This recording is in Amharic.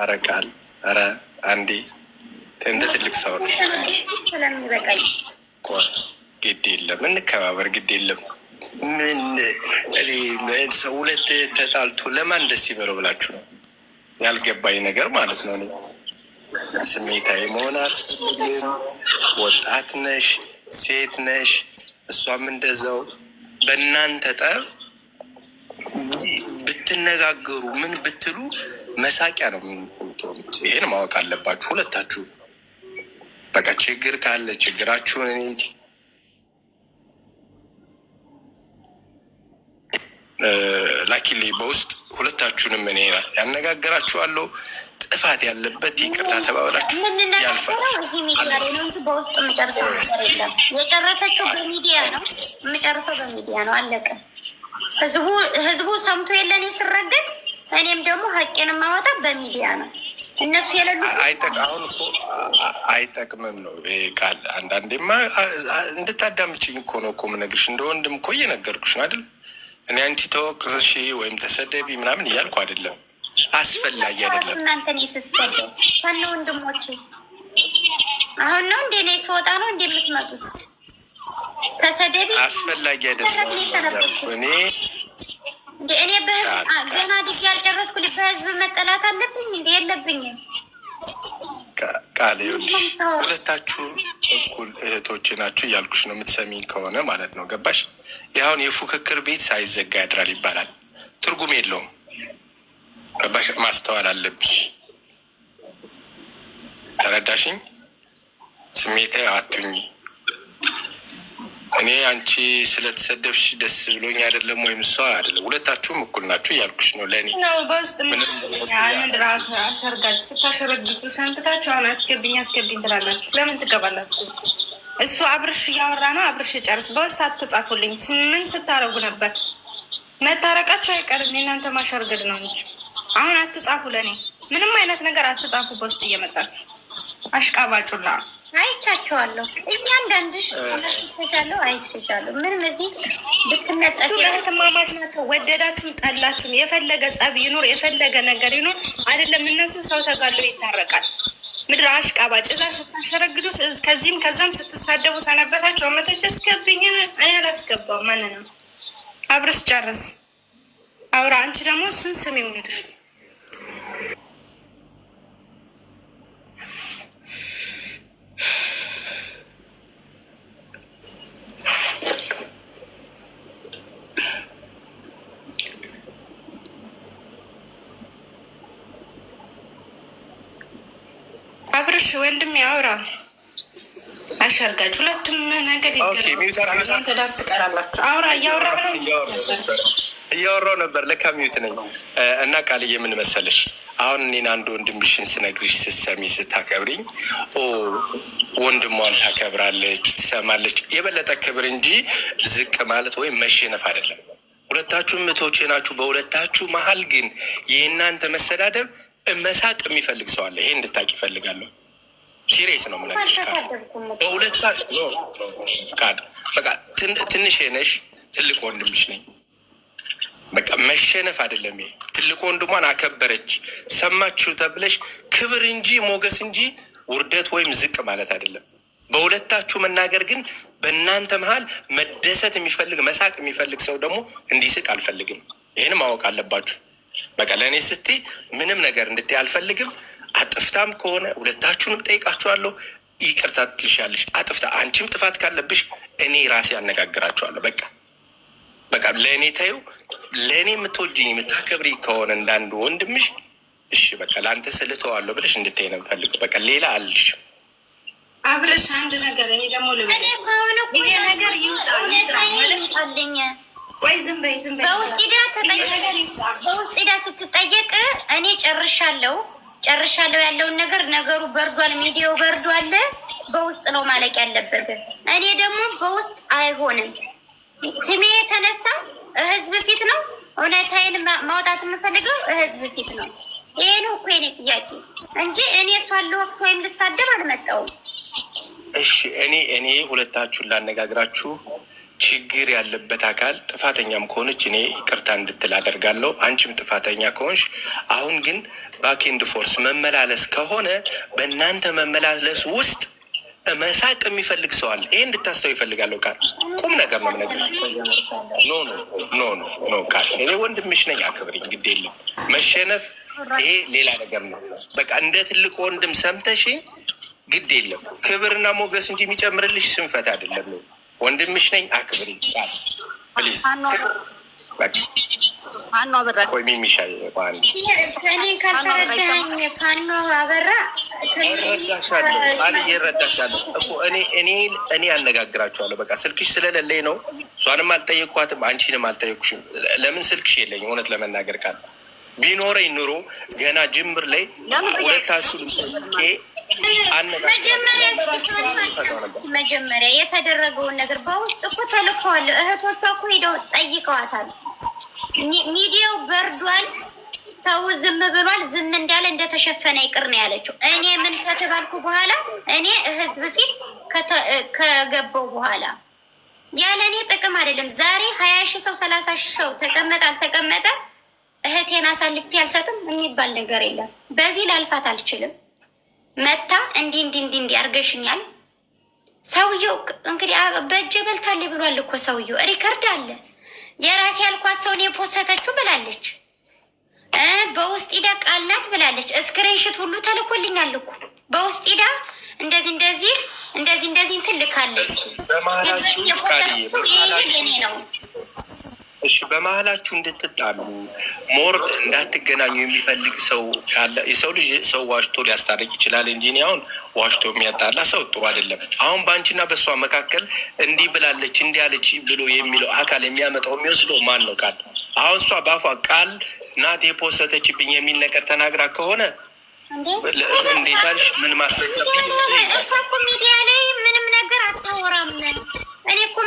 ኧረ ቃል ኧረ አንዴ እንደ ትልቅ ሰው ነው። ግድ የለም እንከባበር፣ ግድ የለም ምን ሰው ሁለት ተጣልቶ ለማን ደስ ይበለው ብላችሁ ነው ያልገባኝ ነገር ማለት ነው። ስሜታዊ መሆን ወጣት ነሽ፣ ሴት ነሽ፣ እሷም እንደዛው በእናንተ ጠብ ብትነጋገሩ ምን ብትሉ መሳቂያ ነው የምትሆኑት። ይሄን ማወቅ አለባችሁ ሁለታችሁ። በቃ ችግር ካለ ችግራችሁን እኔ ላኪሌ በውስጥ ሁለታችሁንም እኔ ያነጋግራችኋለሁ። ጥፋት ያለበት ይቅርታ ተባብላችሁ ያልፋል። የጨረሰችው በሚዲያ ነው፣ የምጨርሰው በሚዲያ ነው። አለቀ። ህዝቡ ሰምቶ የለን ስረገጥ፣ እኔም ደግሞ ሀቄን ማወጣ በሚዲያ ነው። እነሱ አይጠቅምም ነው ቃል። አንዳንዴማ እንድታዳምችኝ እኮ ነው እኮ የምነግርሽ። እንደ ወንድም እኮ እየነገርኩሽ ነው አይደል? እኔ አንቺ ተወቅሽ ወይም ተሰደቢ ምናምን እያልኩ አይደለም። አስፈላጊ አይደለም። እናንተን የስሰደ ከነ ወንድሞቼ አሁን ነው እንዴ ስወጣ ነው እንዴ የምትመጡት? አስፈላጊ አይደለም። እኔ በህዝብ ገና ያልጨረስኩ በህዝብ መጠላት አለብኝ እንዴ? የለብኝም። ቃል ሁለታችሁ እኩል እህቶች ናችሁ እያልኩሽ ነው። የምትሰሚኝ ከሆነ ማለት ነው። ገባሽ? ይኸውን የፉክክር ቤት ሳይዘጋ ያድራል ይባላል። ትርጉም የለውም። ገባሽ? ማስተዋል አለብሽ። ተረዳሽኝ? ስሜታዊ አቱኝ እኔ አንቺ ስለተሰደብሽ ደስ ብሎኝ አይደለም፣ ወይም እሷ አይደለም፣ ሁለታችሁም እኩል ናችሁ እያልኩሽ ነው። ለእኔ በውስጥ ራሱ አተርጋችሁ ስታሸረግጡ ሰንብታችሁ አሁን አስገብኝ አስገብኝ ትላላችሁ። ለምን ትገባላችሁ? እሱ አብርሽ እያወራ ነው። አብርሽ ጨርስ። በውስጥ አትጻፉልኝ። ምን ስታረጉ ነበር? መታረቃቸው አይቀርም የእናንተ ማሸርገድ ነው እንጂ አሁን አትጻፉ። ለእኔ ምንም አይነት ነገር አትጻፉ። በውስጥ እየመጣችሁ አሽቃባጩላ አይቻቸዋለሁ። እያንዳንድሽ አይቻለሁ። ምንም እዚህ ናቸው። ወደዳችሁም ጠላችሁም የፈለገ ጸብ ይኖር የፈለገ ነገር ይኖር አይደለም። እነሱ ሰው ተጋድሎ ይታረቃል። ምድር አሽቃባጭ እዛ ስታሸረግዱ ከዚህም ከዛም ስትሳደቡ አስገብኝ እኔ አላስገባው ማንንም አብረስ ጨርስ አውራ አንቺ ደግሞ እሱን ስም አብርሽ ወንድም ሁለቱም ነገር ትቀራላችሁ። አውራ እያወራ ነው እያወራው ነበር። ለካ ሚዩት ነኝ እና ቃልዬ ምን አሁን እኔን አንድ ወንድምሽን ስነግርሽ ስትሰሚ ስታከብሪኝ፣ ኦ ወንድሟን ታከብራለች ትሰማለች። የበለጠ ክብር እንጂ ዝቅ ማለት ወይም መሸነፍ አይደለም። ሁለታችሁ ምቶቼ ናችሁ። በሁለታችሁ መሀል ግን የእናንተ መሰዳደብ መሳቅ የሚፈልግ ሰው አለ። ይሄ እንድታውቂ ይፈልጋለሁ። ሲሬስ ነው ምለሽ በሁለት ሰዓት በቃ ትንሽ ነሽ፣ ትልቅ ወንድምሽ ነኝ በቃ መሸነፍ አይደለም። ይሄ ትልቁ ወንድሟን አከበረች ሰማችሁ ተብለሽ ክብር እንጂ ሞገስ እንጂ ውርደት ወይም ዝቅ ማለት አይደለም። በሁለታችሁ መናገር ግን በእናንተ መሀል መደሰት የሚፈልግ መሳቅ የሚፈልግ ሰው ደግሞ እንዲስቅ አልፈልግም። ይህን ማወቅ አለባችሁ። በቃ ለእኔ ስቲ ምንም ነገር እንድታይ አልፈልግም። አጥፍታም ከሆነ ሁለታችሁንም ጠይቃችኋለሁ። ይቅርታ ትልሻለሽ። አጥፍታ አንቺም ጥፋት ካለብሽ እኔ ራሴ አነጋግራችኋለሁ። በቃ በቃ ለእኔ ታዩ ለእኔ የምትወጅኝ የምታከብሪ ከሆነ እንዳንዱ ወንድምሽ እሺ በቃ ለአንተ ስልተዋለሁ ብለሽ እንድታይ ነው የምፈልገው። በቃ ሌላ አልሽ አብረሽ አንድ ነገር እኔ ደግሞ ልብህ ይሄ ነገር ይውጣ ይውጣልኝ ወይ ዝም በይ ዝም በይ። በውስጥ ሄዳ ስትጠየቅ እኔ ጨርሻለሁ ጨርሻለሁ ያለውን ነገር ነገሩ በርዷል፣ ሚዲያው በርዷል። በውስጥ ነው ማለቅ ያለበት። እኔ ደግሞ በውስጥ አይሆንም ስሜ የተነሳ ህዝብ ፊት ነው። እውነታዬን ማውጣት የምፈልገው ህዝብ ፊት ነው። ይሄ ነው እኮ የኔ ጥያቄ እንጂ እኔ እሷን ልወቅስ ወይም ልሳደብ አልመጣሁም። እሺ እኔ እኔ ሁለታችሁን ላነጋግራችሁ ችግር ያለበት አካል ጥፋተኛም ከሆነች እኔ ይቅርታ እንድትል አደርጋለሁ። አንቺም ጥፋተኛ ከሆንሽ፣ አሁን ግን ባኬንድ ፎርስ መመላለስ ከሆነ በእናንተ መመላለስ ውስጥ መሳቅ የሚፈልግ ሰው አለ። ይሄ እንድታስተው ይፈልጋለሁ። ቃል ቁም ነገር ነው የምነግርህ። ኖ ኖ ኖ ኖ ቃል እኔ ወንድምሽ ነኝ፣ አክብሪ። ግድ የለም መሸነፍ፣ ይሄ ሌላ ነገር ነው። በቃ እንደ ትልቅ ወንድም ሰምተሽ ግድ የለም ክብርና ሞገስ እንጂ የሚጨምርልሽ ስንፈት አይደለም። ወንድምሽ ነኝ፣ አክብሪ ቃል ፕሊዝ ፋኖ እኔ አነጋግራቸዋለሁ። በቃ ስልክሽ ስለሌለኝ ነው። እሷንም አልጠየኳትም፣ አንቺንም አልጠየኩሽም። ለምን ስልክሽ የለኝ? እውነት ለመናገር ካለ ቢኖረኝ ኑሮ ገና ጅምር ላይ ሁለታችሁንም ጠይቄ መጀመሪያ የተደረገውን ነገር በውስጥ እኮ ተልከዋል። እህቶቿ እኮ ሄደው ጠይቀዋታል። ሚዲያው በርዷል። ሰው ዝም ብሏል። ዝም እንዳለ እንደተሸፈነ ይቅር ነው ያለችው። እኔ ምን ከተባልኩ በኋላ እኔ ህዝብ ፊት ከገባው በኋላ ያለ እኔ ጥቅም አይደለም። ዛሬ ሀያ ሺህ ሰው ሰላሳ ሺህ ሰው ተቀመጠ አልተቀመጠ እህቴን አሳልፌ አልሰጥም የሚባል ነገር የለም። በዚህ ላልፋት አልችልም። መታ እንዲህ እንዲህ እንዲህ እንዲህ አርገሽኛል። ሰውየው እንግዲህ በእጀ በልታል ብሏል እኮ ሰውየው ሪከርድ አለ። የራሴ ያልኳት ሰውን የፖሰተችው ብላለች። በውስጥ ኢዳ ቃልናት ብላለች። እስክሬንሽት ሁሉ ተልኮልኛል እኮ በውስጥ ኢዳ እንደዚህ እንደዚህ እንደዚህ እንደዚህ ትልካለች። የፖሰተችው ይሄ የኔ ነው እሺ በመሀላችሁ እንድትጣሉ ሞር እንዳትገናኙ የሚፈልግ ሰው ካለ የሰው ልጅ ሰው ዋሽቶ ሊያስታርቅ ይችላል እንጂ እኔ አሁን ዋሽቶ የሚያጣላ ሰው ጥሩ አይደለም። አሁን በአንቺና በእሷ መካከል እንዲህ ብላለች እንዲህ አለች ብሎ የሚለው አካል የሚያመጣው የሚወስደው ማን ነው? ቃል አሁን እሷ በአፏ ቃል ናት የፖሰተችብኝ የሚል ነገር ተናግራ ከሆነ እንዴታልሽ ምን ማስረጃ ሚዲያ ላይ ምንም ነገር አታወራም። እኔ እኮ